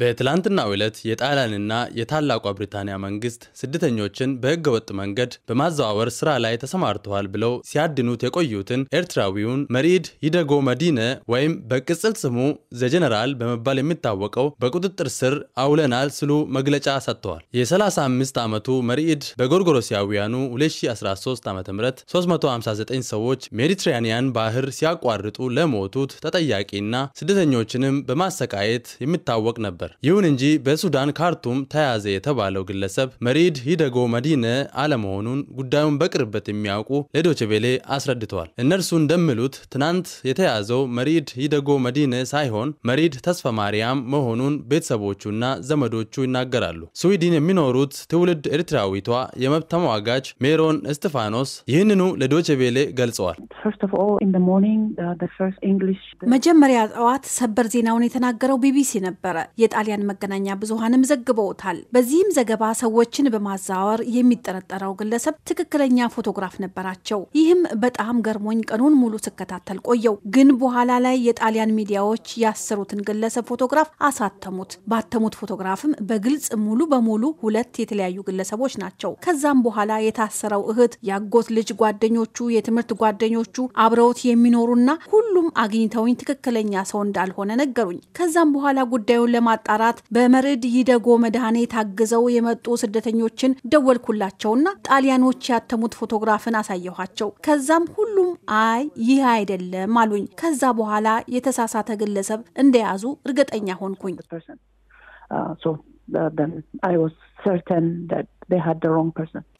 በትላንትናው ዕለት የጣሊያንና የታላቋ ብሪታንያ መንግስት ስደተኞችን በሕገ ወጥ መንገድ በማዘዋወር ስራ ላይ ተሰማርተዋል ብለው ሲያድኑት የቆዩትን ኤርትራዊውን መሪድ ሂደጎ መዲነ ወይም በቅጽል ስሙ ዘጀነራል በመባል የሚታወቀው በቁጥጥር ስር አውለናል ስሉ መግለጫ ሰጥተዋል። የ35 ዓመቱ መሪድ በጎርጎሮሲያውያኑ 2013 ዓ ም 359 ሰዎች ሜዲትራኒያን ባህር ሲያቋርጡ ለሞቱት ተጠያቂና ስደተኞችንም በማሰቃየት የሚታወቅ ነበር። ነበር። ይሁን እንጂ በሱዳን ካርቱም ተያዘ የተባለው ግለሰብ መሪድ ሂደጎ መዲነ አለመሆኑን ጉዳዩን በቅርበት የሚያውቁ ለዶችቬሌ አስረድተዋል። እነርሱ እንደሚሉት ትናንት የተያዘው መሪድ ሂደጎ መዲነ ሳይሆን መሪድ ተስፋ ማርያም መሆኑን ቤተሰቦቹና ዘመዶቹ ይናገራሉ። ስዊድን የሚኖሩት ትውልድ ኤርትራዊቷ የመብት ተሟጋች ሜሮን እስጢፋኖስ ይህንኑ ለዶችቬሌ ገልጸዋል። uh, መጀመሪያ ጠዋት ሰበር ዜናውን የተናገረው ቢቢሲ ነበረ። የጣሊያን መገናኛ ብዙሃንም ዘግበውታል። በዚህም ዘገባ ሰዎችን በማዛወር የሚጠረጠረው ግለሰብ ትክክለኛ ፎቶግራፍ ነበራቸው። ይህም በጣም ገርሞኝ ቀኑን ሙሉ ስከታተል ቆየው። ግን በኋላ ላይ የጣሊያን ሚዲያዎች ያሰሩትን ግለሰብ ፎቶግራፍ አሳተሙት። ባተሙት ፎቶግራፍም በግልጽ ሙሉ በሙሉ ሁለት የተለያዩ ግለሰቦች ናቸው። ከዛም በኋላ የታሰረው እህት፣ ያጎት ልጅ፣ ጓደኞቹ፣ የትምህርት ጓደኞቹ አብረውት የሚኖሩና ሁሉም አግኝተውኝ ትክክለኛ ሰው እንዳልሆነ ነገሩኝ። ከዛም በኋላ ጉዳዩን ለማ ለማጣራት በመርድ ይደጎ መድኃኔ ታግዘው የመጡ ስደተኞችን ደወልኩላቸውና ጣሊያኖች ያተሙት ፎቶግራፍን አሳየኋቸው። ከዛም ሁሉም አይ ይህ አይደለም አሉኝ። ከዛ በኋላ የተሳሳተ ግለሰብ እንደያዙ እርግጠኛ ሆንኩኝ። uh, Uh,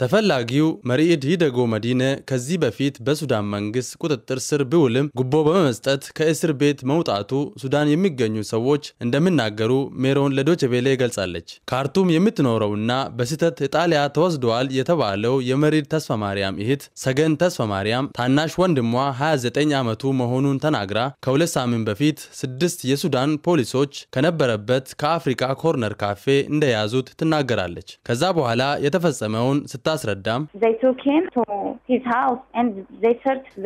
ተፈላጊው መርኢድ ሂደጎ መዲነ ከዚህ በፊት በሱዳን መንግስት ቁጥጥር ስር ቢውልም ጉቦ በመስጠት ከእስር ቤት መውጣቱ ሱዳን የሚገኙ ሰዎች እንደሚናገሩ ሜሮን ለዶችቬሌ ገልጻለች። ካርቱም የምትኖረውና በስህተት ኢጣሊያ ተወስደዋል የተባለው የመሪድ ተስፋ ማርያም እህት ሰገን ተስፋ ማርያም ታናሽ ወንድሟ 29 ዓመቱ መሆኑን ተናግራ ከሁለት ሳምንት በፊት ስድስት የሱዳን ፖሊሶች ከነበረበት ከአፍሪካ ኮርነር ካፌ እንደያዙት ትናገራለች። ከዛ በኋላ የተፈጸመውን ስታስረዳም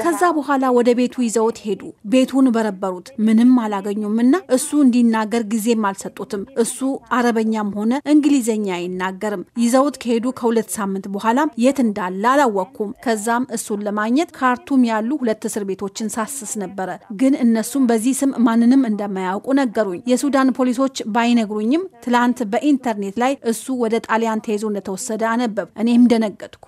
ከዛ በኋላ ወደ ቤቱ ይዘውት ሄዱ። ቤቱን በረበሩት፣ ምንም አላገኙም እና እሱ እንዲናገር ጊዜም አልሰጡትም። እሱ አረበኛም ሆነ እንግሊዘኛ አይናገርም። ይዘውት ከሄዱ ከሁለት ሳምንት በኋላም የት እንዳለ አላወቅኩም። ከዛም እሱን ለማግኘት ካርቱም ያሉ ሁለት እስር ቤቶችን ሳስስ ነበረ። ግን እነሱም በዚህ ስም ማንንም እንደማያውቁ ነገሩኝ። የሱዳን ፖሊሶች ባይነግሩኝም ትላንት በ በኢንተርኔት ላይ እሱ ወደ ጣሊያን ተይዞ እንደተወሰደ አነበብ። እኔም ደነገጥኩ።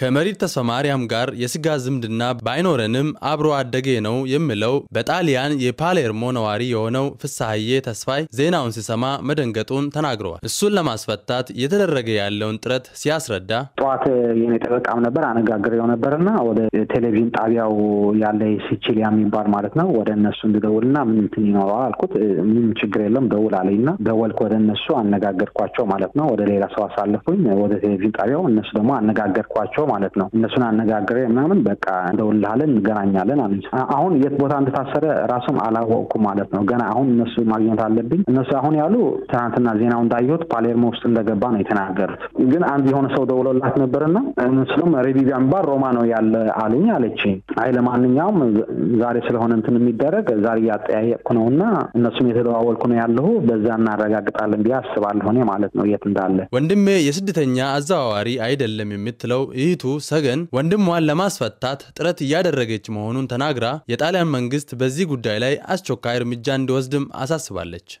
ከመሪት ተስፋ ማርያም ጋር የስጋ ዝምድና ባይኖረንም አብሮ አደጌ ነው የምለው በጣሊያን የፓሌርሞ ነዋሪ የሆነው ፍሳሐዬ ተስፋይ ዜናውን ሲሰማ መደንገጡን ተናግረዋል። እሱን ለማስፈታት እየተደረገ ያለውን ጥረት ሲያስረዳ ጠዋት የኔ ጠበቃም ነበር አነጋግሬው ነበርና ወደ ቴሌቪዥን ጣቢያው ያለ ሲቺሊያ የሚባል ማለት ነው ወደ እነሱ እንድደውልና ምን እንትን ይኖረዋል አልኩት። ምንም ችግር የለም ደውል አለኝና ደወልክ ወደ እነሱ አነጋገርኳቸው ማለት ነው። ወደ ሌላ ሰው አሳለፉኝ ወደ ቴሌቪዥን ጣቢያው እነሱ ደግሞ አነጋገርኳቸው ማለት ነው። እነሱን አነጋግሬ ምናምን በቃ እንደውልሃለን እንገናኛለን አለ። አሁን የት ቦታ እንደታሰረ ራሱም አላወቅኩ ማለት ነው። ገና አሁን እነሱ ማግኘት አለብኝ። እነሱ አሁን ያሉ ትናንትና ዜናው እንዳየሁት ፓሌርሞ ውስጥ እንደገባ ነው የተናገሩት። ግን አንድ የሆነ ሰው ደውሎላት ነበርና እሱም ሬቪቪያ የሚባል ሮማ ነው ያለ አሉኝ አለች። አይ ለማንኛውም ዛሬ ስለሆነ እንትን የሚደረግ ዛሬ እያጠያየቅኩ ነው እና እነሱም የተደዋወልኩ ነው ያለሁ በዛ እናረጋግጣለን ብዬ አስባለሁ እኔ ማለት ነው የት እንዳለ። ወንድሜ የስደተኛ አዘዋዋሪ አይደለም የምትለው ይህ ሴቲቱ ሰገን ወንድሟን ለማስፈታት ጥረት እያደረገች መሆኑን ተናግራ የጣሊያን መንግስት በዚህ ጉዳይ ላይ አስቸኳይ እርምጃ እንዲወስድም አሳስባለች።